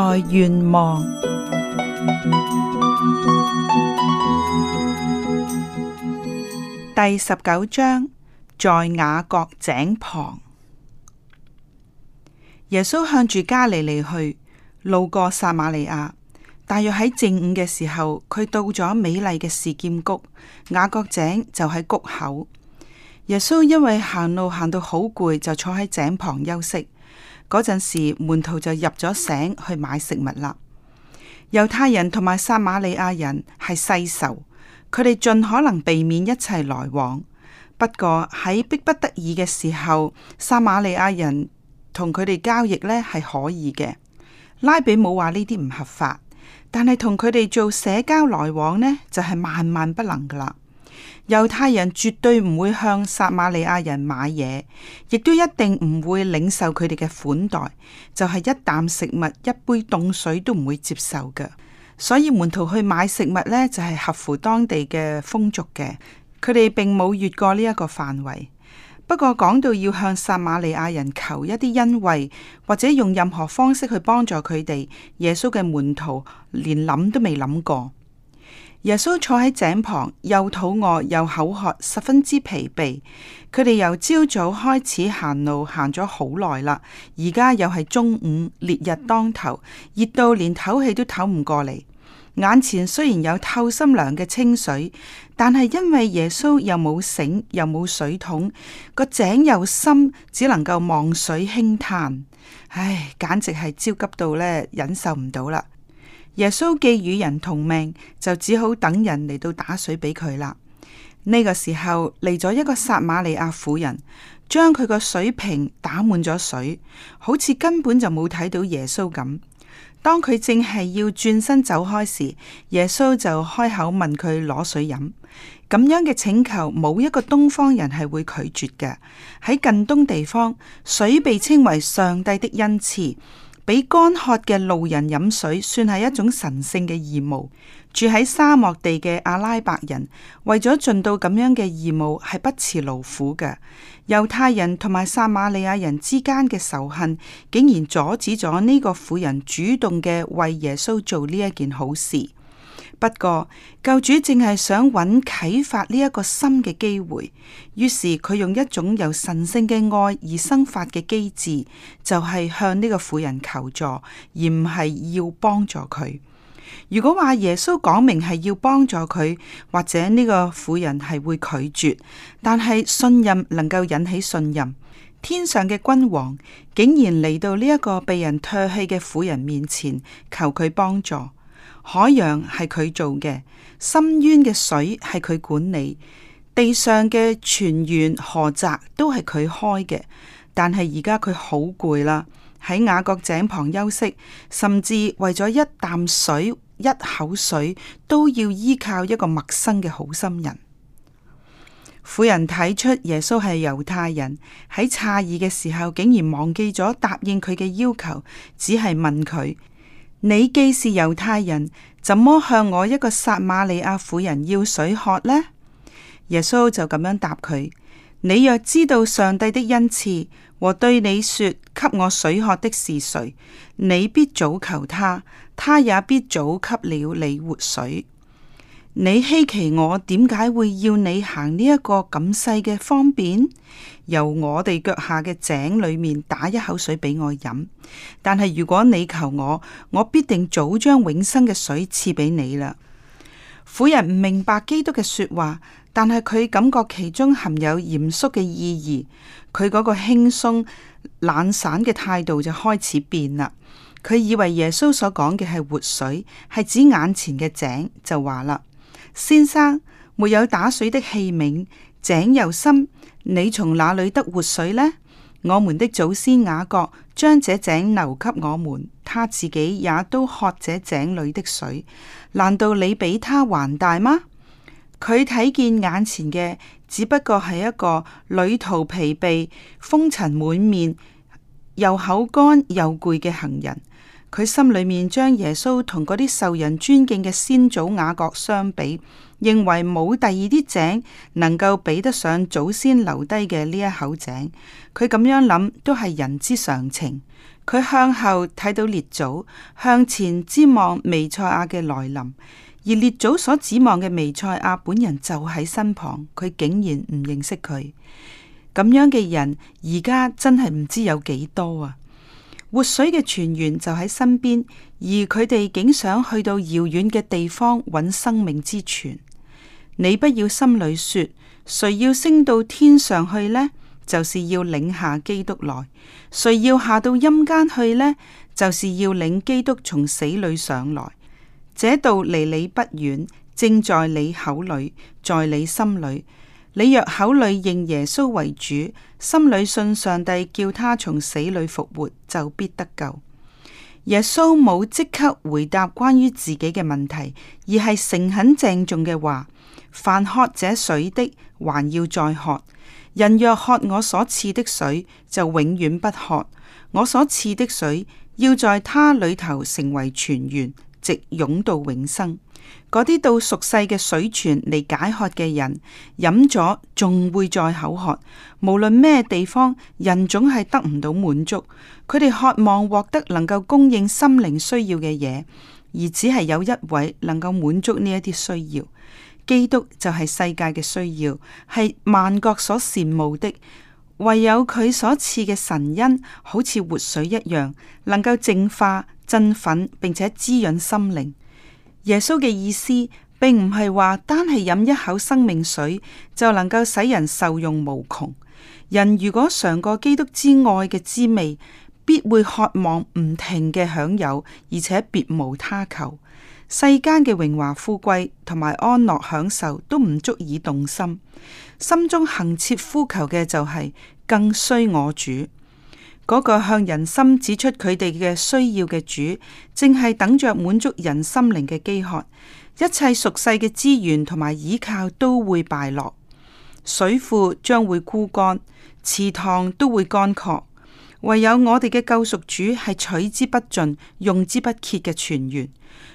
在願望第十九章，在雅各井旁，耶穌向住加利利去，路過撒瑪利亞，大約喺正午嘅時候，佢到咗美麗嘅示劍谷，雅各井就喺谷口。耶穌因為行路行到好攰，就坐喺井旁休息。嗰陣時，門徒就入咗城去買食物啦。猶太人同埋撒瑪利亞人係世仇，佢哋盡可能避免一切來往。不過喺逼不得已嘅時候，撒瑪利亞人同佢哋交易呢係可以嘅。拉比冇話呢啲唔合法，但係同佢哋做社交來往呢，就係萬萬不能噶啦。.猶太人絕對唔會向撒瑪利亞人買嘢，亦都一定唔會領受佢哋嘅款待，就係、是、一啖食物、一杯凍水都唔會接受嘅。所以門徒去買食物呢，就係、是、合乎當地嘅風俗嘅。佢哋並冇越過呢一個範圍。不過講到要向撒瑪利亞人求一啲恩惠，或者用任何方式去幫助佢哋，耶穌嘅門徒連諗都未諗過。耶穌坐喺井旁，又肚餓又口渴，十分之疲憊。佢哋由朝早開始行路，行咗好耐啦。而家又係中午，烈日當頭，熱到連唞氣都唞唔過嚟。眼前雖然有透心涼嘅清水，但係因為耶穌又冇繩，又冇水桶，個井又深，只能夠望水興嘆。唉，簡直係焦急到呢忍受唔到啦。耶穌既與人同命，就只好等人嚟到打水俾佢啦。呢個時候嚟咗一個撒瑪利亞婦人，將佢個水瓶打滿咗水，好似根本就冇睇到耶穌咁。當佢正係要轉身走開時，耶穌就開口問佢攞水飲。咁樣嘅請求，冇一個東方人係會拒絕嘅。喺近東地方，水被稱為上帝的恩賜。俾乾渴嘅路人飲水，算係一種神聖嘅義務。住喺沙漠地嘅阿拉伯人，為咗盡到咁樣嘅義務，係不辭勞苦嘅。猶太人同埋撒瑪利亞人之間嘅仇恨，竟然阻止咗呢個婦人主動嘅為耶穌做呢一件好事。不過，救主正係想揾啟發呢一個心嘅機會，於是佢用一種由神聖嘅愛而生發嘅機智，就係、是、向呢個婦人求助，而唔係要幫助佢。如果話耶穌講明係要幫助佢，或者呢個婦人係會拒絕，但係信任能夠引起信任，天上嘅君王竟然嚟到呢一個被人唾棄嘅婦人面前求佢幫助。海洋係佢做嘅，深淵嘅水係佢管理，地上嘅泉源河澤都係佢開嘅。但係而家佢好攰啦，喺雅各井旁休息，甚至為咗一啖水、一口水，都要依靠一個陌生嘅好心人。婦人睇出耶穌係猶太人，喺詫異嘅時候，竟然忘記咗答應佢嘅要求，只係問佢。你既是猶太人，怎麼向我一個撒瑪利亞婦人要水喝呢？耶穌就咁樣答佢：你若知道上帝的恩賜和對你說給我水喝的是誰，你必早求他，他也必早給了你活水。你稀奇我點解會要你行呢一個咁細嘅方便，由我哋腳下嘅井裏面打一口水俾我飲？但係如果你求我，我必定早將永生嘅水賜俾你啦。婦人唔明白基督嘅說話，但係佢感覺其中含有嚴肅嘅意義。佢嗰個輕鬆懶散嘅態度就開始變啦。佢以為耶穌所講嘅係活水，係指眼前嘅井，就話啦。先生，沒有打水的器皿，井又深，你從哪裏得活水呢？我們的祖先雅各將這井留給我們，他自己也都喝這井裏的水。難道你比他還大嗎？佢睇見眼前嘅只不過係一個旅途疲憊、風塵滿面、又口乾又攰嘅行人。佢心裏面將耶穌同嗰啲受人尊敬嘅先祖雅各相比，認為冇第二啲井能夠比得上祖先留低嘅呢一口井。佢咁樣諗都係人之常情。佢向後睇到列祖，向前瞻望彌賽亞嘅來臨，而列祖所指望嘅彌賽亞本人就喺身旁，佢竟然唔認識佢。咁樣嘅人而家真係唔知有幾多啊！活水嘅泉源就喺身邊，而佢哋竟想去到遙遠嘅地方揾生命之泉。你不要心裏說，誰要升到天上去呢？就是要領下基督來；誰要下到陰間去呢？就是要領基督從死裏上來。這道離你不遠，正在你口裏，在你心裏。.你若口裏認耶穌為主，心裏信上帝叫他從死裏復活，就必得救。耶穌冇即刻回答關於自己嘅問題，而係誠懇鄭重嘅話：凡喝這水的，還要再渴；人若喝我所賜的水，就永遠不渴。我所賜的水，要在他裏頭成為泉源，直湧到永生。嗰啲到熟世嘅水泉嚟解渴嘅人，飲咗仲會再口渴。無論咩地方，人總係得唔到滿足。佢哋渴望獲得能夠供應心靈需要嘅嘢，而只係有一位能夠滿足呢一啲需要。基督就係世界嘅需要，係萬國所羨慕的。唯有佢所賜嘅神恩，好似活水一樣，能夠淨化、振奮，並且滋潤心靈。耶穌嘅意思，並唔係話單係飲一口生命水就能夠使人受用無窮。人如果嘗過基督之愛嘅滋味，必會渴望唔停嘅享有，而且別無他求。世間嘅榮華富貴同埋安樂享受都唔足以動心，心中行切呼求嘅就係、是、更需我主。嗰個向人心指出佢哋嘅需要嘅主，正係等住滿足人心靈嘅飢渴。一切俗世嘅資源同埋倚靠都會敗落，水庫將會枯乾，池塘都會乾涸。唯有我哋嘅救贖主係取之不盡、用之不竭嘅泉源，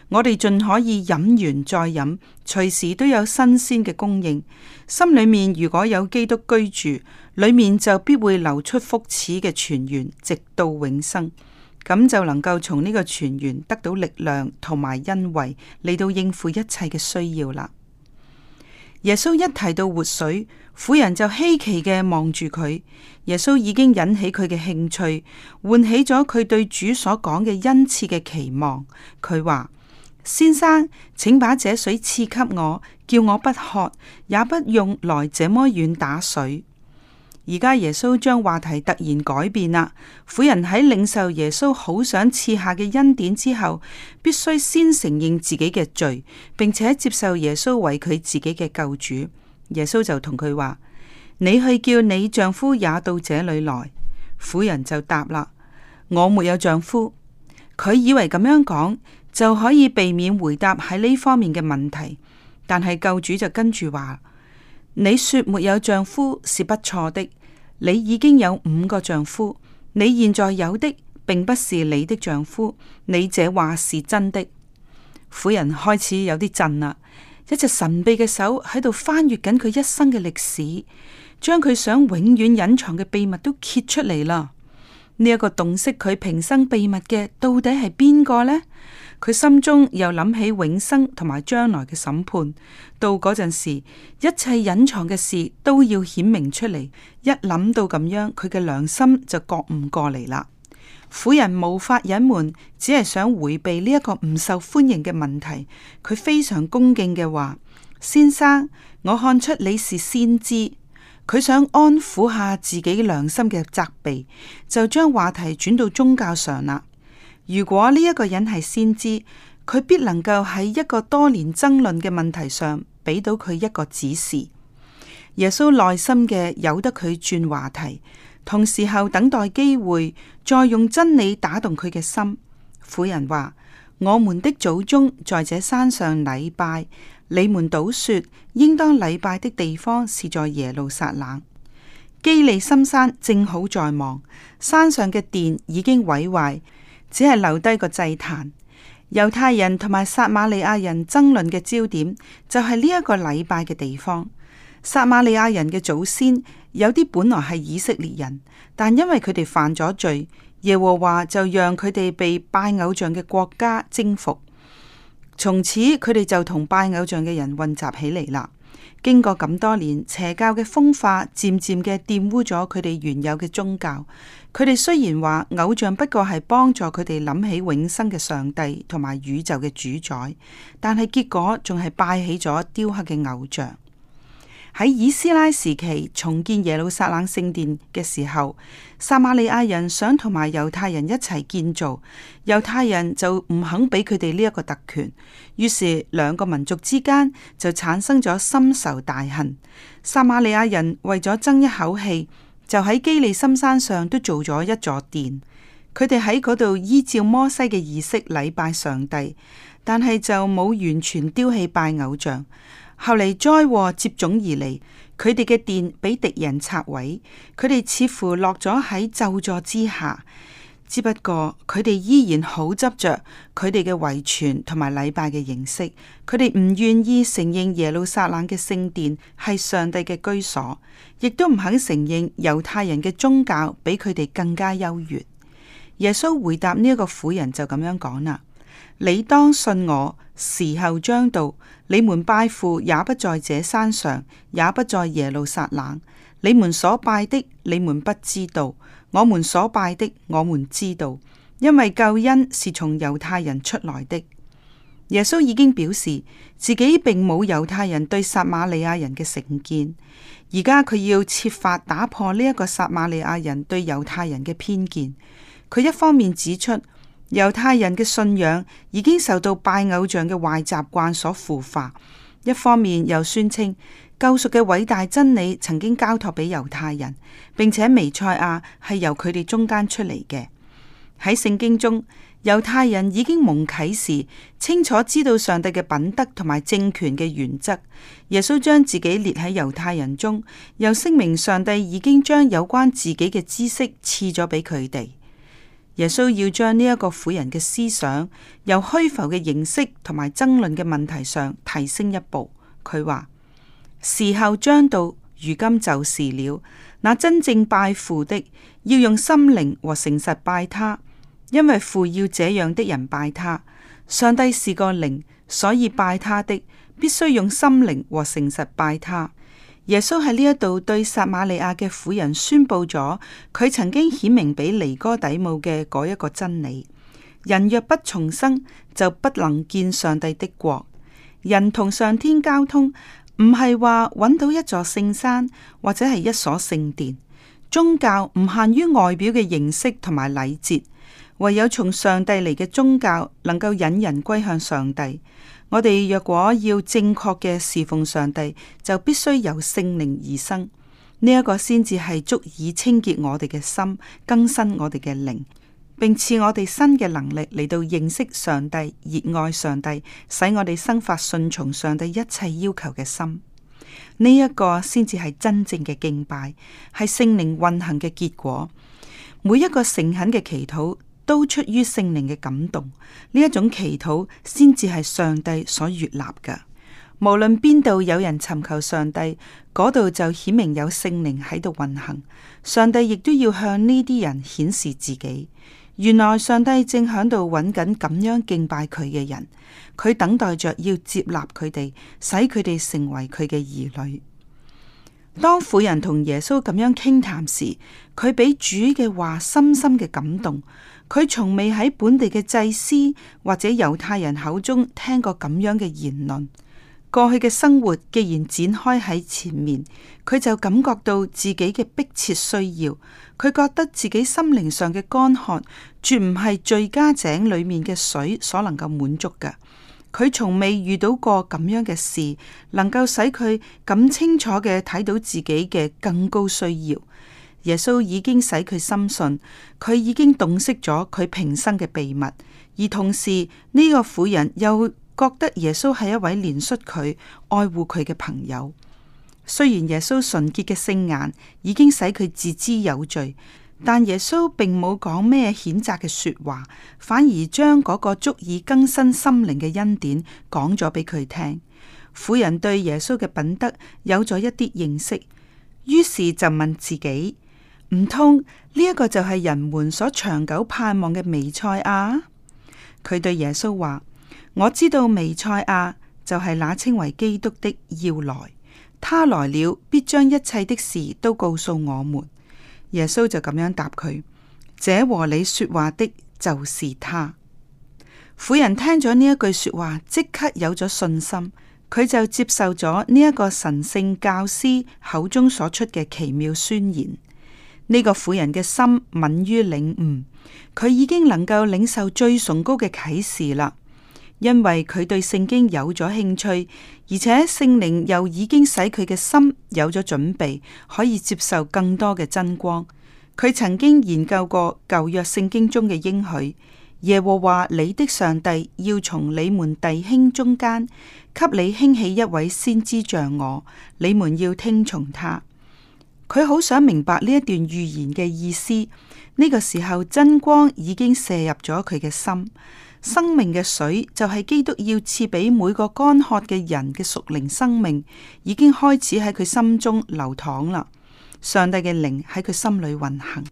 我哋盡可以飲完再飲，隨時都有新鮮嘅供應。心裏面如果有基督居住，裏面就必會流出福賜嘅泉源，直到永生。咁就能夠從呢個泉源得到力量同埋恩惠嚟到應付一切嘅需要啦。耶穌一提到活水，婦人就稀奇嘅望住佢。耶穌已經引起佢嘅興趣，喚起咗佢對主所講嘅恩賜嘅期望。佢話：先生，請把這水賜給我，叫我不渴，也不用來這麼遠打水。而家耶穌將話題突然改變啦，婦人喺領受耶穌好想賜下嘅恩典之後，必須先承認自己嘅罪，並且接受耶穌為佢自己嘅救主。耶穌就同佢話：「你去叫你丈夫也到這裏來。」婦人就答啦：「我沒有丈夫。」佢以為咁樣講就可以避免回答喺呢方面嘅問題，但係救主就跟住話。你說沒有丈夫是不錯的，你已經有五個丈夫，你現在有的並不是你的丈夫，你這話是真的。婦人開始有啲震喇，一隻神秘嘅手喺度翻閱緊佢一生嘅歷史，將佢想永遠隱藏嘅秘密都揭出嚟喇。呢一個洞悉佢平生秘密嘅，到底係邊個呢？佢心中又諗起永生同埋將來嘅審判，到嗰陣時，一切隱藏嘅事都要顯明出嚟。一諗到咁樣，佢嘅良心就覺悟過嚟啦。婦人無法隱瞞，只係想回避呢一個唔受歡迎嘅問題。佢非常恭敬嘅話，先生，我看出你是先知。佢想安撫下自己良心嘅責備，就將話題轉到宗教上啦。如果呢一個人係先知，佢必能夠喺一個多年爭論嘅問題上，俾到佢一個指示。耶穌耐心嘅由得佢轉話題，同時候等待機會，再用真理打動佢嘅心。婦人話：我們的祖宗在這山上禮拜。你們倒說，應當禮拜的地方是在耶路撒冷。基利心山正好在望，山上嘅殿已經毀壞，只係留低個祭壇。猶太人同埋撒瑪利亞人爭論嘅焦點就係呢一個禮拜嘅地方。撒瑪利亞人嘅祖先有啲本來係以色列人，但因為佢哋犯咗罪，耶和華就讓佢哋被拜偶像嘅國家征服。從此，佢哋就同拜偶像嘅人混雜起嚟啦。經過咁多年，邪教嘅風化漸漸嘅玷污咗佢哋原有嘅宗教。佢哋雖然話，偶像不過係幫助佢哋諗起永生嘅上帝同埋宇宙嘅主宰，但係結果仲係拜起咗雕刻嘅偶像。喺以斯拉時期重建耶路撒冷聖殿嘅時候，撒瑪利亞人想同埋猶太人一齊建造，猶太人就唔肯俾佢哋呢一個特權，於是兩個民族之間就產生咗深仇大恨。撒瑪利亞人為咗爭一口氣，就喺基利心山上都做咗一座殿，佢哋喺嗰度依照摩西嘅儀式禮拜上帝，但係就冇完全丟棄拜偶像。後嚟災禍接踵而嚟，佢哋嘅殿俾敵人拆毀，佢哋似乎落咗喺咒詛之下。只不過佢哋依然好執着，佢哋嘅遺傳同埋禮拜嘅形式，佢哋唔願意承認耶路撒冷嘅聖殿係上帝嘅居所，亦都唔肯承認猶太人嘅宗教比佢哋更加優越。耶穌回答呢一個婦人就咁樣講啦。你當信我，時候將到。你們拜父也不在這山上，也不在耶路撒冷。你們所拜的，你們不知道；我們所拜的，我們知道，因為救恩是從猶太人出來的。耶穌已經表示自己並冇猶太人對撒瑪利亞人嘅成見，而家佢要設法打破呢一個撒瑪利亞人對猶太人嘅偏見。佢一方面指出。猶太人嘅信仰已經受到拜偶像嘅壞習慣所腐化，一方面又宣稱救贖嘅偉大真理曾經交託俾猶太人，並且彌賽亞係由佢哋中間出嚟嘅。喺聖經中，猶太人已經蒙啟示，清楚知道上帝嘅品德同埋政權嘅原則。耶穌將自己列喺猶太人中，又聲明上帝已經將有關自己嘅知識賜咗俾佢哋。耶穌要將呢一個婦人嘅思想由虛浮嘅形式同埋爭論嘅問題上提升一步。佢話，時候將到，如今就是了。那真正拜父的要用心靈和誠實拜他，因為父要這樣的人拜他。上帝是個靈，所以拜他的必須用心靈和誠實拜他。耶穌喺呢一度對撒瑪利亞嘅婦人宣布咗佢曾經顯明俾尼哥底母嘅嗰一個真理：人若不重生，就不能見上帝的國。人同上天交通，唔係話揾到一座聖山或者係一所聖殿。宗教唔限於外表嘅形式同埋禮節，唯有從上帝嚟嘅宗教能夠引人歸向上帝。我哋若果要正確嘅侍奉上帝，就必須由聖靈而生，呢、這、一個先至係足以清潔我哋嘅心，更新我哋嘅靈，並賜我哋新嘅能力嚟到認識上帝、熱愛上帝，使我哋生發順從上帝一切要求嘅心。呢、這、一個先至係真正嘅敬拜，係聖靈運行嘅結果。每一個誠懇嘅祈禱。都出於聖靈嘅感動，呢一種祈禱先至係上帝所悦納嘅。無論邊度有人尋求上帝，嗰度就顯明有聖靈喺度運行。上帝亦都要向呢啲人顯示自己，原來上帝正響度揾緊咁樣敬拜佢嘅人，佢等待着要接納佢哋，使佢哋成為佢嘅兒女。當婦人同耶穌咁樣傾談，談時，佢俾主嘅話深深嘅感動。佢從未喺本地嘅祭司或者猶太人口中聽過咁樣嘅言論。過去嘅生活既然展開喺前面，佢就感覺到自己嘅迫切需要。佢覺得自己心靈上嘅乾旱，絕唔係最佳井裏面嘅水所能夠滿足嘅。佢從未遇到過咁樣嘅事，能夠使佢咁清楚嘅睇到自己嘅更高需要。耶穌已經使佢深信，佢已經洞悉咗佢平生嘅秘密，而同時呢個婦人又覺得耶穌係一位憐恤佢、愛護佢嘅朋友。雖然耶穌純潔嘅聖眼已經使佢自知有罪，但耶穌並冇講咩譴責嘅說話，反而將嗰個足以更新心靈嘅恩典講咗俾佢聽。婦人對耶穌嘅品德有咗一啲認識，於是就問自己：唔通呢一個就係人們所長久盼望嘅彌賽亞？佢對耶穌話：我知道彌賽亞就係那稱為基督的要來，他來了必將一切的事都告訴我們。耶穌就咁樣答佢：這和你說話的，就是他。婦人聽咗呢一句說話，即刻有咗信心，佢就接受咗呢一個神聖教師口中所出嘅奇妙宣言。呢、這個婦人嘅心敏於領悟，佢已經能夠領受最崇高嘅啟示啦。因為佢對聖經有咗興趣，而且聖靈又已經使佢嘅心有咗準備，可以接受更多嘅真光。佢曾經研究過舊約聖經中嘅應許，耶和華你的上帝要從你們弟兄中間，給你興起一位先知像我，你們要聽從他。佢好想明白呢一段預言嘅意思。呢、呢個時候，真光已經射入咗佢嘅心。生命嘅水就係基督要賜俾每個乾渴嘅人嘅屬靈生命，已經開始喺佢心中流淌啦。上帝嘅靈喺佢心裏運行。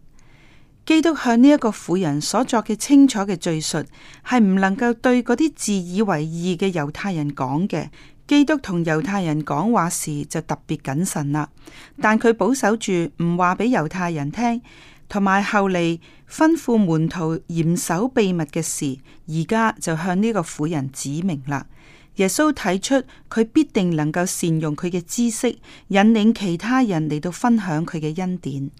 基督向呢一個婦人所作嘅清楚嘅敘述，係唔能夠對嗰啲自以為義嘅猶太人講嘅。基督同猶太人講話時就特別謹慎啦，但佢保守住唔話俾猶太人聽。同埋後嚟吩咐門徒嚴守秘密嘅事，而家就向呢個婦人指明啦。耶穌睇出佢必定能夠善用佢嘅知識，引領其他人嚟到分享佢嘅恩典。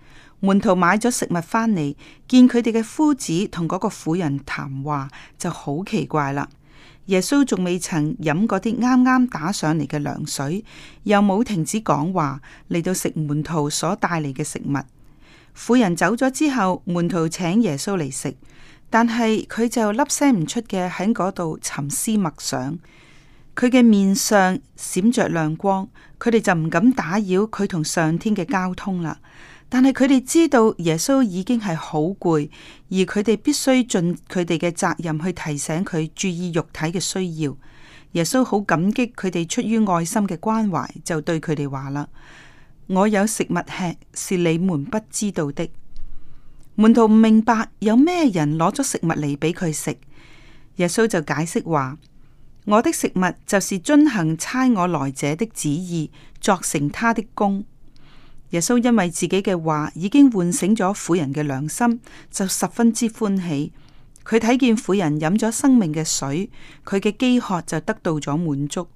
門徒買咗食物返嚟，見佢哋嘅夫子同嗰個婦人談話就好奇怪啦。耶穌仲未曾飲嗰啲啱啱打上嚟嘅涼水，又冇停止講話嚟到食門徒所帶嚟嘅食物。婦人走咗之後，門徒請耶穌嚟食，但係佢就粒聲唔出嘅，喺嗰度沉思默想。佢嘅面上閃着亮光，佢哋就唔敢打擾佢同上天嘅交通啦。但係佢哋知道耶穌已經係好攰，而佢哋必須盡佢哋嘅責任去提醒佢注意肉體嘅需要。耶穌好感激佢哋出於愛心嘅關懷，就對佢哋話啦。我有食物吃，是你們不知道的。門徒唔明白有咩人攞咗食物嚟俾佢食。耶穌就解釋話：「我的食物就是遵行差我來者的旨意，作成他的功。」耶穌因為自己嘅話已經喚醒咗婦人嘅良心，就十分之歡喜。佢睇見婦人飲咗生命嘅水，佢嘅飢渴就得到咗滿足。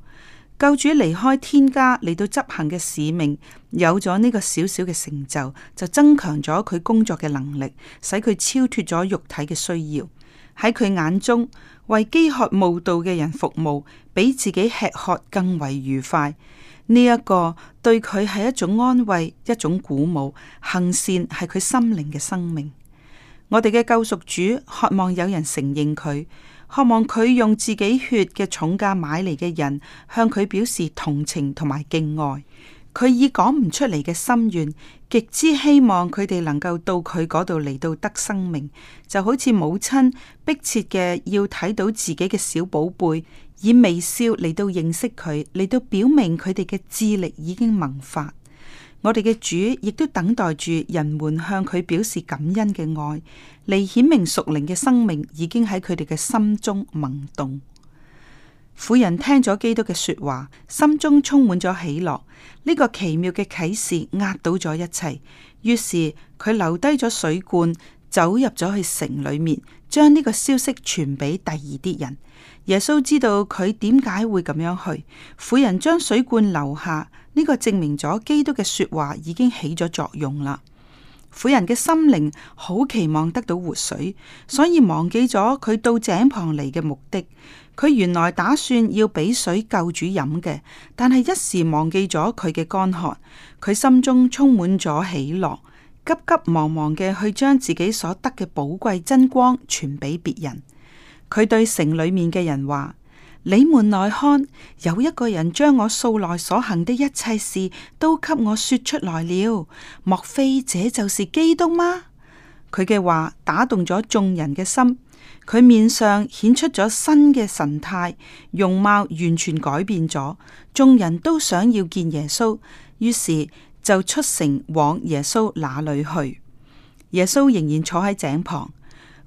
救主離開天家嚟到執行嘅使命。有咗呢個少少嘅成就，就增強咗佢工作嘅能力，使佢超脱咗肉體嘅需要。喺佢眼中，為飢渴慕道嘅人服務，比自己吃喝更為愉快。呢、這、一個對佢係一種安慰，一種鼓舞。行善係佢心靈嘅生命。我哋嘅救贖主渴望有人承認佢，渴望佢用自己血嘅重價買嚟嘅人，向佢表示同情同埋敬愛。佢以講唔出嚟嘅心願，極之希望佢哋能夠到佢嗰度嚟到得生命，就好似母親迫切嘅要睇到自己嘅小寶貝，以微笑嚟到認識佢，嚟到表明佢哋嘅智力已經萌發。我哋嘅主亦都等待住人們向佢表示感恩嘅愛，嚟顯明屬靈嘅生命已經喺佢哋嘅心中萌動。婦人聽咗基督嘅說話，心中充滿咗喜樂。呢個奇妙嘅啟示壓倒咗一切，於是佢留低咗水罐，走入咗去城裏面，將呢個消息傳俾第二啲人。耶穌知道佢點解會咁樣去，婦人將水罐留下，呢個證明咗基督嘅說話已經起咗作用啦。婦人嘅心靈好期望得到活水，所以忘記咗佢到井旁嚟嘅目的。佢原來打算要俾水救主飲嘅，但係一時忘記咗佢嘅乾渴。佢心中充滿咗喜樂，急急忙忙嘅去將自己所得嘅寶貴真光傳俾別人。佢對城裏面嘅人話：「你們來看，有一個人將我素來所行的一切事都給我說出來了，莫非這就是基督嗎？佢嘅話打動咗眾人嘅心。佢面上顯出咗新嘅神態，容貌完全改變咗。眾人都想要見耶穌，於是就出城往耶穌那裏去。耶穌仍然坐喺井旁，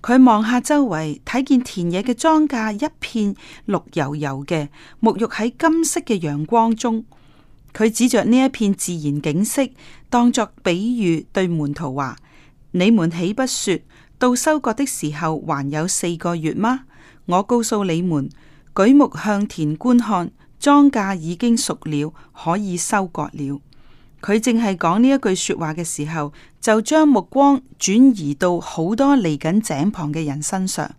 佢望下周圍，睇見田野嘅莊稼一片綠油油嘅，沐浴喺金色嘅陽光中。佢指着呢一片自然景色，當作比喻對門徒話：你們豈不說？到收割的時候還有四個月嗎？我告訴你們，舉目向田觀看，莊稼已經熟了，可以收割了。佢正係講呢一句說話嘅時候，就將目光轉移到好多嚟緊井旁嘅人身上。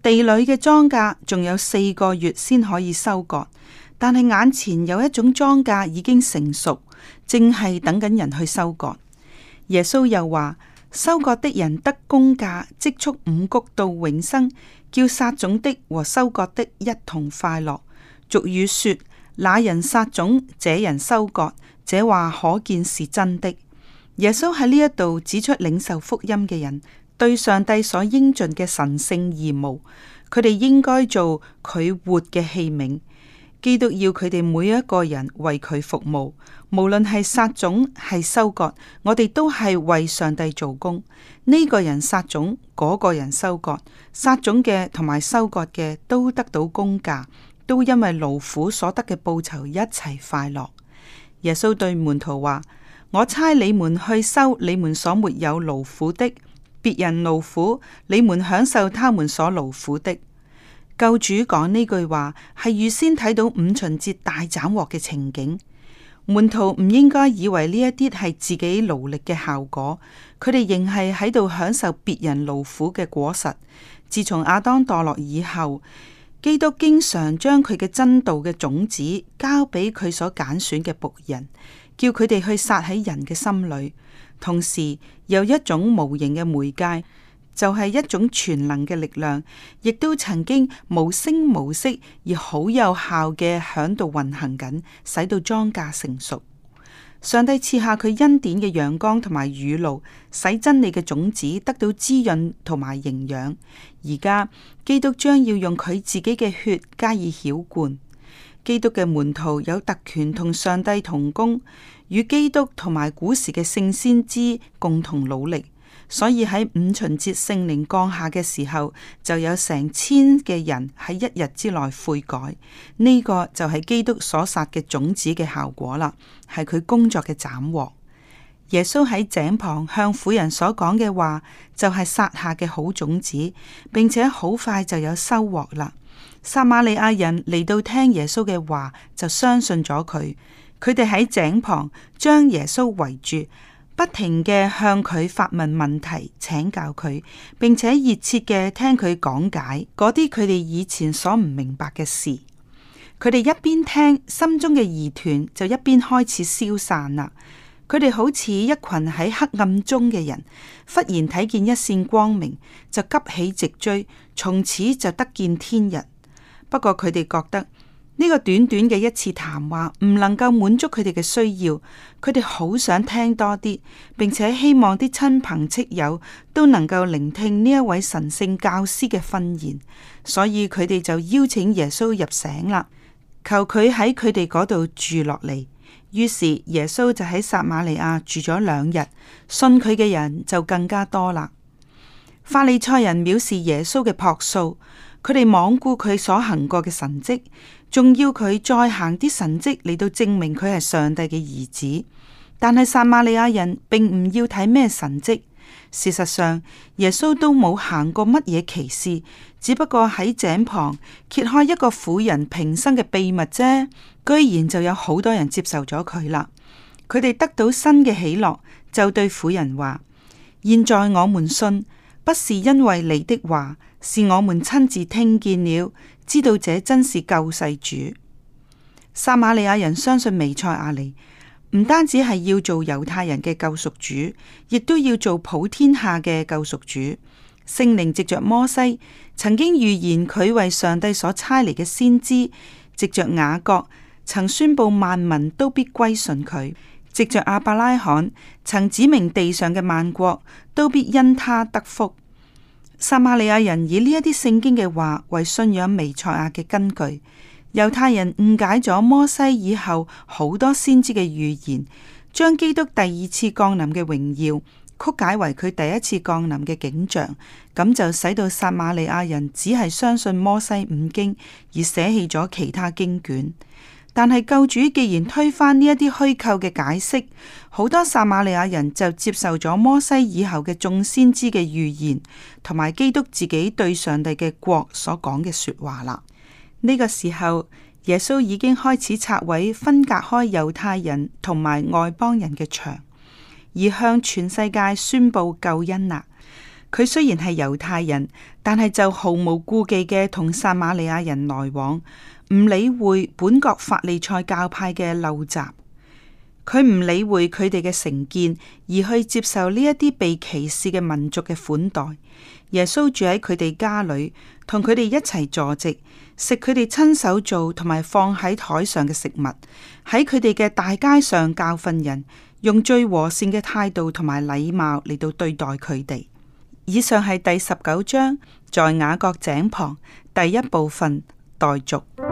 地裏嘅莊稼仲有四個月先可以收割，但係眼前有一種莊稼已經成熟，正係等緊人去收割。耶穌又話。收割的人得工價，積蓄五穀到永生，叫撒種的和收割的一同快樂。俗語說：那人撒種，這人收割。這話可見是真的。耶穌喺呢一度指出，領受福音嘅人對上帝所應盡嘅神聖義務，佢哋應該做佢活嘅器皿。基督要佢哋每一個人為佢服務，無論係撒種係收割，我哋都係為上帝做工。呢個人撒種，嗰個人收割，撒種嘅同埋收割嘅都得到工價，都因為勞苦所得嘅報酬，一齊快樂。耶穌對門徒話：我差你們去收你們所沒有勞苦的，別人勞苦，你們享受他們所勞苦的。救主講呢句話係預先睇到五旬節大斬獲嘅情景，門徒唔應該以為呢一啲係自己勞力嘅效果，佢哋仍係喺度享受別人勞苦嘅果實。自從阿當墮落以後，基督經常將佢嘅真道嘅種子交俾佢所揀選嘅僕人，叫佢哋去撒喺人嘅心裏，同時有一種無形嘅媒介。就係一種全能嘅力量，亦都曾經無聲無息而好有效嘅響度運行緊，使到莊稼成熟。上帝賜下佢恩典嘅陽光同埋雨露，使真理嘅種子得到滋潤同埋營養。而家基督將要用佢自己嘅血加以澆灌。基督嘅門徒有特權同上帝同工，與基督同埋古時嘅聖先知共同努力。所以喺五旬節聖靈降下嘅時候，就有成千嘅人喺一日之內悔改。呢、這個就係基督所撒嘅種子嘅效果啦，係佢工作嘅斬獲。耶穌喺井旁向婦人所講嘅話，就係、是、撒下嘅好種子，並且好快就有收穫啦。撒瑪利亞人嚟到聽耶穌嘅話，就相信咗佢。佢哋喺井旁將耶穌圍住。不停嘅向佢發問問題，請教佢，並且熱切嘅聽佢講解嗰啲佢哋以前所唔明白嘅事。佢哋一邊聽，心中嘅疑團就一邊開始消散啦。佢哋好似一群喺黑暗中嘅人，忽然睇見一線光明，就急起直追，從此就得見天日。不過佢哋覺得。呢個短短嘅一次談話唔能夠滿足佢哋嘅需要，佢哋好想聽多啲，並且希望啲親朋戚友都能夠聆聽呢一位神聖教師嘅訓言，所以佢哋就邀請耶穌入醒啦，求佢喺佢哋嗰度住落嚟。於是耶穌就喺撒瑪利亞住咗兩日，信佢嘅人就更加多啦。法利賽人藐視耶穌嘅樸素，佢哋罔顧佢所行過嘅神蹟。仲要佢再行啲神蹟嚟到證明佢係上帝嘅兒子，但係撒瑪利亞人並唔要睇咩神迹。事實上，耶穌都冇行過乜嘢奇事，只不過喺井旁揭開一個婦人平生嘅秘密啫，居然就有好多人接受咗佢啦。佢哋得到新嘅喜樂，就對婦人話：現在我們信，不是因為你的話，是我們親自聽見了。知道這真是救世主。撒瑪利亞人相信彌賽亞尼，唔單止係要做猶太人嘅救贖主，亦都要做普天下嘅救贖主。聖靈藉着摩西，曾經預言佢為上帝所差嚟嘅先知；藉着雅各，曾宣布萬民都必歸順佢；藉着亞伯拉罕，曾指明地上嘅萬國都必因他得福。撒瑪利亞人以呢一啲聖經嘅話為信仰彌賽亞嘅根據，猶太人誤解咗摩西以後好多先知嘅預言，將基督第二次降臨嘅榮耀曲解為佢第一次降臨嘅景象，咁就使到撒瑪利亞人只係相信摩西五經而捨棄咗其他經卷。但係救主既然推翻呢一啲虛構嘅解釋，好多撒瑪利亞人就接受咗摩西以後嘅眾先知嘅預言，同埋基督自己對上帝嘅國所講嘅說話啦。呢、這個時候，耶穌已經開始拆毀分隔開猶太人同埋外邦人嘅牆，而向全世界宣布救恩啦。佢雖然係猶太人，但係就毫無顧忌嘅同撒瑪利亞人來往。唔理會本國法利賽教派嘅陋習，佢唔理會佢哋嘅成見，而去接受呢一啲被歧視嘅民族嘅款待。耶穌住喺佢哋家裏，同佢哋一齊坐席，食佢哋親手做同埋放喺台上嘅食物，喺佢哋嘅大街上教訓人，用最和善嘅態度同埋禮貌嚟到對待佢哋。以上係第十九章，在雅各井旁第一部分待續。待續。